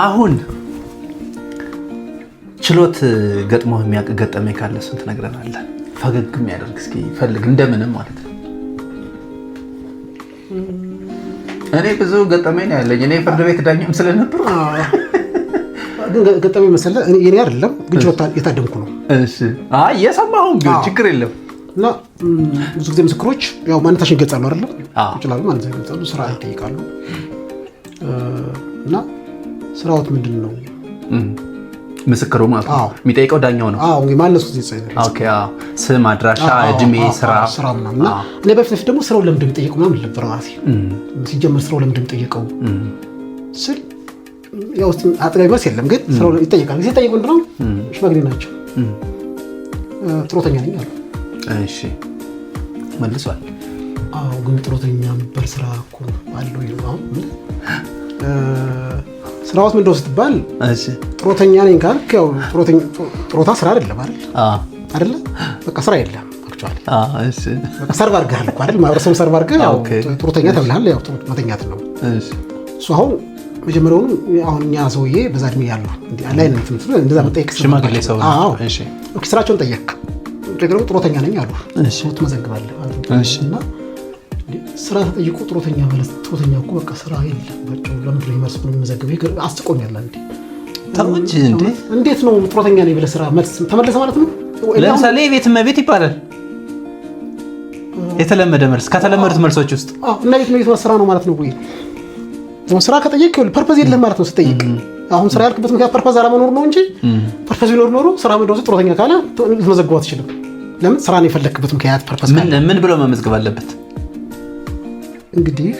አሁን ችሎት ገጥሞ የሚያውቅ ገጠመኝ ካለ እሱን ትነግረናለህ። ፈገግ የሚያደርግ እስኪ ፈልግ፣ እንደምንም ማለት ነው። እኔ ብዙ ገጠመኝ ነው ያለኝ። እኔ ፍርድ ቤት ዳኛም ስለነበር ገጠመኝ መሰለህ። እኔ አይደለም ግን የታደምኩ ነው። እየሰማሁም ቢሆን ችግር የለም እና ብዙ ጊዜ ምስክሮች ያው ማንነታችን ይገልጻሉ አይደለም ይችላሉ፣ ማንነታችን ይገልጻሉ፣ ስራ ይጠይቃሉ እና ስራዎት ምንድን ነው? ምስክሩ ማለት ነው። የሚጠይቀው ዳኛው ነው። ማለሱ ስም፣ አድራሻ፣ እድሜ፣ ስራ ስራ ምናምን እኔ በፊት ለፊት ደግሞ ስራው ለምንድን የሚጠይቀው ምናምን ነበር ማለት ሲጀምር ስራው ለምንድን የሚጠይቀው ስል ውስጥ አጥጋቢ መልስ የለም፣ ግን ስራው ይጠይቃል። ጊዜ ጠይቁ ምንድን ነው ሽማግሌ ናቸው። ጥሮተኛ ነኝ አሉ። እሺ መልሷል። አዎ ግን ጥሮተኛ የሚባል ስራ እኮ አለው ይሉ አሁን ስራዎት ምንድነው ስትባል ጥሮተኛ ነኝ ካልክ ያው ጥሮታ ስራ አይደለም አይደል? አይደለ? በቃ ስራ የለም። ሰርቭ አድርገሃል እኮ አይደል? ማህበረሰቡ ሰርቭ አድርገህ ጥሮተኛ ተብልሃል። ያው መተኛት ነው እሱ። አሁን መጀመሪያውኑ አሁን እኛ ሰውዬ በዛ እድሜ ያሉ ላይ እንደዛ መጠየቅ ስራቸውን ጠየቅ ደግሞ ጥሮተኛ ነኝ አሉ። ትመዘግባለህ እና ስራ ተጠይቆ ጡረተኛ ማለት ጡረተኛ እኮ በቃ ስራ የለባቸው። ለምንድን ነው መልስ ብሎ የሚዘግበው? አስቆኛል። እንዴ ተመች እንዴ! እንዴት ነው ጥሮተኛ ነው ብለህ ስራ መልስ ተመለሰ ማለት ነው? ለምሳሌ የቤት እመቤት ይባላል። የተለመደ መልስ ከተለመዱት መልሶች ውስጥ እና ቤት እመቤት ስራ ነው ማለት ነው ወይ? ስራ ከጠየቅ ይኸውልህ ፐርፐዝ የለህ ማለት ነው ስጠይቅ አሁን ስራ ያልክበት ምክንያት ፐርፐዝ አለመኖር ነው እንጂ ፐርፐዝ ቢኖር ኖሮ ስራ መደወስ ጥሮተኛ ካለ ልትመዘግበው አትችልም። ለምን ስራ ነው የፈለክበት ምክንያት ፐርፐዝ ምን ብሎ መመዝገብ አለበት? እንግዲህ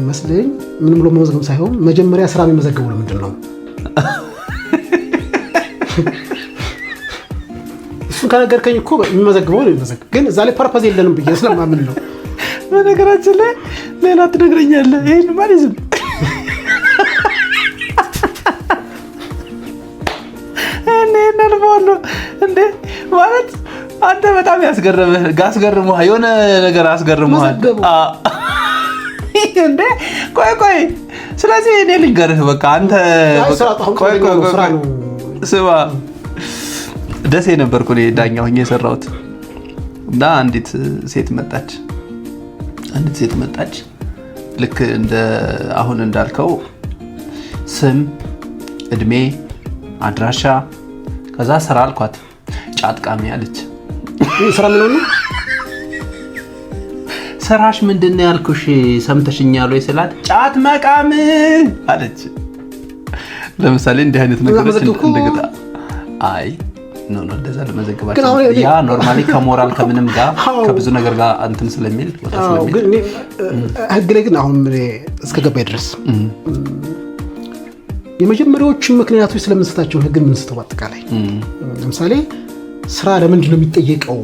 ይመስለኝ ምንም ብሎ መመዝገብ ሳይሆን መጀመሪያ ስራ የሚመዘገበው ለምንድን ነው? እሱን ከነገርከኝ እኮ የሚመዘግበው ነው የሚመዘግብ ግን እዛ ላይ ፐርፐዝ የለንም ብዬ ስለማምን ነው። በነገራችን ላይ ሌላ ትነግረኛለህ። ይህን ማለዝም ይህንንበዋለሁ እንዴ ማለት አንተ በጣም ያስገርምህ፣ አስገርመሃል፣ የሆነ ነገር አስገርመሃል እንደ ቆይ ቆይ። ስለዚህ እኔ ልንገርህ በቃ አንተ ስማ፣ ደሴ ነበርኩ እኔ ዳኛ ሆኜ የሰራሁት እና አንዲት ሴት መጣች አንዲት ሴት መጣች። ልክ እንደ አሁን እንዳልከው ስም፣ እድሜ፣ አድራሻ ከዛ ስራ አልኳት። ጫጥቃሚ አለች። ስራ ምን ስራሽ ምንድን ነው ያልኩሽ ሰምተሽኛል ወይ ስላት ጫት መቃም አለች። ለምሳሌ እንዲህ አይነት ነገሮች እንደገጣ አይ ነው ነው እንደዛ ለመዘገባቸው ያ ኖርማሊ ከሞራል ከምንም ጋር ከብዙ ነገር ጋር እንትን ስለሚል ህግ ላይ ግን አሁን እስከገባይ ድረስ የመጀመሪያዎቹ ምክንያቶች ስለምንሰጣቸው ህግን ምንስተው አጠቃላይ ለምሳሌ ስራ ለምንድን ነው የሚጠየቀው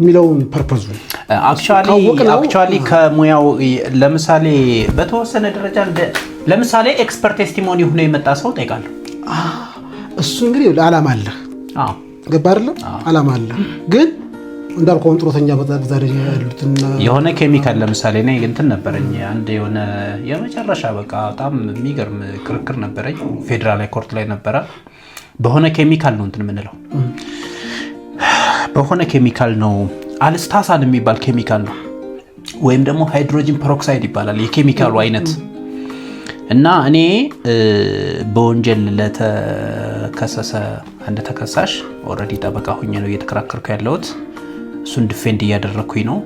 የሚለውን ፐርፐዙ አክቹዋሊ ከሙያው ለምሳሌ በተወሰነ ደረጃ ለምሳሌ ኤክስፐርት ቴስቲሞኒ ሆኖ የመጣ ሰው ጠይቃለሁ። እሱ እንግዲህ አላማ አለ ገባ አይደለም? አላማ አለ ግን እንዳልከውን ጥሮተኛ በጣም ደረጃ ያሉትን የሆነ ኬሚካል ለምሳሌ እኔ እንትን ነበረኝ አንድ የሆነ የመጨረሻ በቃ በጣም የሚገርም ክርክር ነበረኝ። ፌዴራል ኮርት ላይ ነበረ። በሆነ ኬሚካል ነው እንትን የምንለው በሆነ ኬሚካል ነው አልስታሳን የሚባል ኬሚካል ነው፣ ወይም ደግሞ ሃይድሮጂን ፐሮክሳይድ ይባላል የኬሚካሉ አይነት እና እኔ በወንጀል ለተከሰሰ አንድ ተከሳሽ ኦልሬዲ ጠበቃ ሆኜ ነው እየተከራከርኩ ያለሁት። እሱን ዲፌንድ እያደረግኩኝ ነው።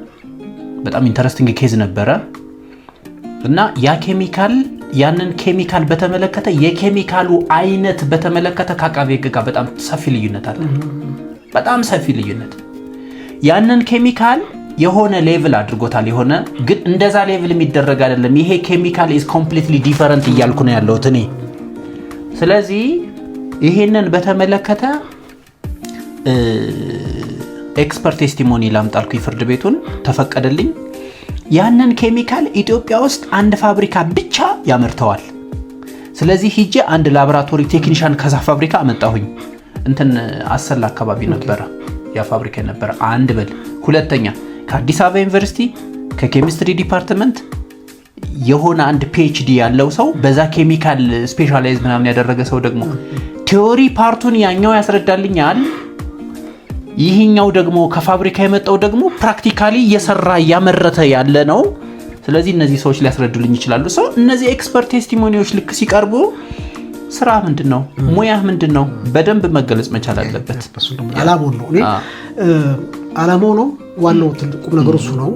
በጣም ኢንተረስቲንግ ኬዝ ነበረ እና ያ ኬሚካል ያንን ኬሚካል በተመለከተ የኬሚካሉ አይነት በተመለከተ ከአቃቤ ጋር በጣም ሰፊ ልዩነት አለ። በጣም ሰፊ ልዩነት ያንን ኬሚካል የሆነ ሌቭል አድርጎታል። የሆነ ግን እንደዛ ሌቭል የሚደረግ አይደለም። ይሄ ኬሚካል ኢዝ ኮምፕሊትሊ ዲፈረንት እያልኩ ነው ያለሁት እኔ። ስለዚህ ይሄንን በተመለከተ ኤክስፐርት ቴስቲሞኒ ላምጣልኩኝ ፍርድ ቤቱን ተፈቀደልኝ። ያንን ኬሚካል ኢትዮጵያ ውስጥ አንድ ፋብሪካ ብቻ ያመርተዋል። ስለዚህ ሂጄ አንድ ላቦራቶሪ ቴክኒሻን ከዛ ፋብሪካ አመጣሁኝ። እንትን አሰላ አካባቢ ነበረ ያ ፋብሪካ አንድ በል። ሁለተኛ ከአዲስ አበባ ዩኒቨርሲቲ ከኬሚስትሪ ዲፓርትመንት የሆነ አንድ ፒኤችዲ ያለው ሰው በዛ ኬሚካል ስፔሻላይዝ ምናምን ያደረገ ሰው ደግሞ ቴዎሪ ፓርቱን ያኛው ያስረዳልኛል፣ ይህኛው ደግሞ ከፋብሪካ የመጣው ደግሞ ፕራክቲካሊ እየሰራ እያመረተ ያለ ነው። ስለዚህ እነዚህ ሰዎች ሊያስረዱልኝ ይችላሉ። ሰው እነዚህ ኤክስፐርት ቴስቲሞኒዎች ልክ ሲቀርቡ ስራ ምንድን ነው? ሙያ ምንድን ነው? በደንብ መገለጽ መቻል አለበት። አላማው ነው እኔ አላማው ነው ዋናው ቁም ነገር እሱ ነው።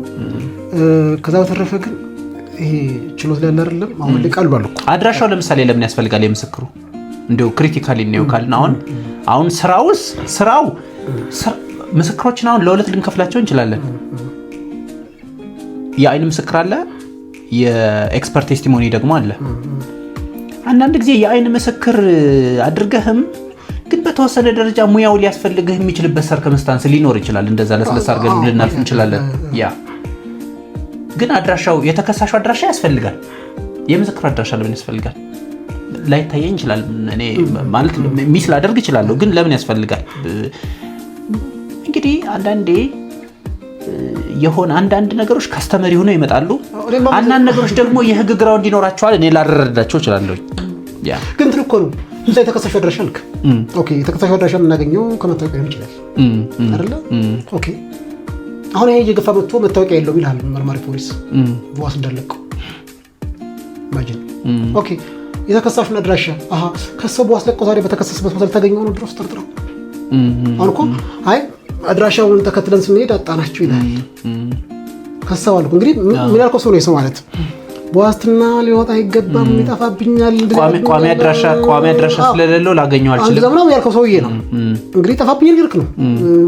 ከዛ በተረፈ ግን ይሄ ችሎት ላይ አይደለም አሁን ሊቃሉ አሉ። አድራሻው ለምሳሌ ለምን ያስፈልጋል? የምስክሩ እንዲሁ ክሪቲካል ነው ካልን አሁን አሁን ስራውስ ስራው ምስክሮችን አሁን ለሁለት ልንከፍላቸው እንችላለን። የአይን ምስክር አለ፣ የኤክስፐርት ቴስቲሞኒ ደግሞ አለ። አንዳንድ ጊዜ የአይን ምስክር አድርገህም ግን በተወሰነ ደረጃ ሙያው ሊያስፈልግህ የሚችልበት ሰርከምስታንስ ሊኖር ይችላል። እንደዛ ለስለሳ አድርገን ልናልፍ እንችላለን። ያ ግን አድራሻው የተከሳሹ አድራሻ ያስፈልጋል። የምስክር አድራሻ ለምን ያስፈልጋል? ላይታየኝ ይችላል። እኔ ማለት ሚስ ላደርግ እችላለሁ፣ ግን ለምን ያስፈልጋል? እንግዲህ አንዳንዴ የሆነ አንዳንድ ነገሮች ካስተመሪ ሆነው ይመጣሉ። አንዳንድ ነገሮች ደግሞ የህግ ግራው እንዲኖራቸዋል እኔ ላረዳቸው እችላለሁ። ግን ትልኮ ነው እዛ የተከሳሽ አድራሻ ልክ የተከሳሽ አድራሻ የምናገኘው ከመታወቂያ ሊሆን ይችላል አይደለ? አሁን ይሄ እየገፋ መጥቶ መታወቂያ የለውም ይልል መርማሪ ፖሊስ በዋስ እንዳለቀው ማጅን የተከሳሹን አድራሻ ከሰው በዋስ ለቀው ዛሬ በተከሰስበት ቦታ ልታገኘው ነው ድረስ ጠርጥረው አሁን እኮ አይ አድራሻውን ተከትለን ስንሄድ አጣናቸው ይላል ከሰው አልኩ እንግዲህ ምን ያልከው ሰው ነው የሰው ማለት በዋስትና ሊወጣ አይገባም፣ ይጠፋብኛል። ቋሚ አድራሻ ቋሚ አድራሻ ስለሌለው ላገኘው አልችልም። ዘምናም ያልከው ሰውዬ ነው እንግዲህ ይጠፋብኛል ልክ ነው።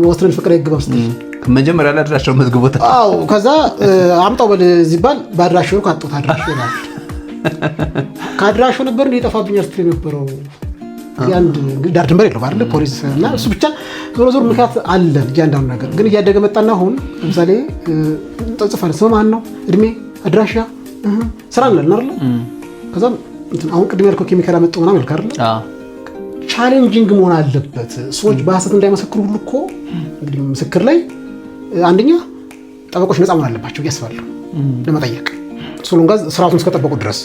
በዋስትናን ፍቅር አይገባም ስትል መጀመሪያ ለአድራሻው አድራሻው መዝግቦታል። አዎ፣ ከዛ አምጣው በል ሲባል በአድራሻው ካጣሁት አድራሻው ይላል። ከአድራሻው ነበር እንደ ይጠፋብኛል ስትል የነበረው አንድ ዳር ድንበር የለውም አይደል? ፖሊስ እና እሱ ብቻ ዞሮ ዞሮ ምክንያት አለ። እያንዳንዱ ነገር ግን እያደገ መጣና አሁን ለምሳሌ ጽፈን ስም ማን ነው፣ እድሜ፣ አድራሻ ስራ አለን አይደለ? ከዛም አሁን ቅድም ያልከው ኬሚካል ያመጣው ምናምን ያልከው አይደለ? ቻሌንጂንግ መሆን አለበት። ሰዎች በሀሰት እንዳይመሰክሩ ሁሉ እኮ እንግዲህ ምስክር ላይ አንደኛ ጠበቆች ነፃ መሆን አለባቸው እያስባለሁ ለመጠየቅ ጋዝ ስርዓቱን እስከጠበቁ ድረስ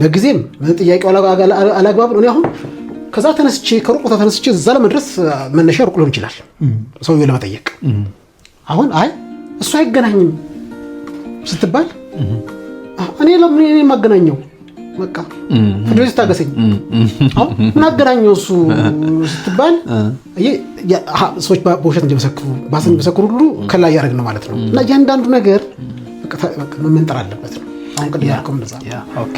በጊዜም ጥያቄው አላግባብ ነው። አሁን ከዛ ተነስቼ ከሩቅ ቦታ ተነስቼ እዛ ለመድረስ መነሻ ሩቅ ሊሆን ይችላል፣ ሰውዬው ለመጠየቅ አሁን አይ እሱ አይገናኝም ስትባል እኔ ለምን እኔ የማገናኘው በቃ ፍድሬስ ታገሰኝ አሁን ምናገናኘው እሱ ስትባል ሰዎች በውሸት እንዲመሰክሩ በሀሰት እንዲመሰክሩ ሁሉ ከላይ ያደረግ ነው ማለት ነው። እና እያንዳንዱ ነገር መመንጠር አለበት ነው። አሁን ቅድም ያልከው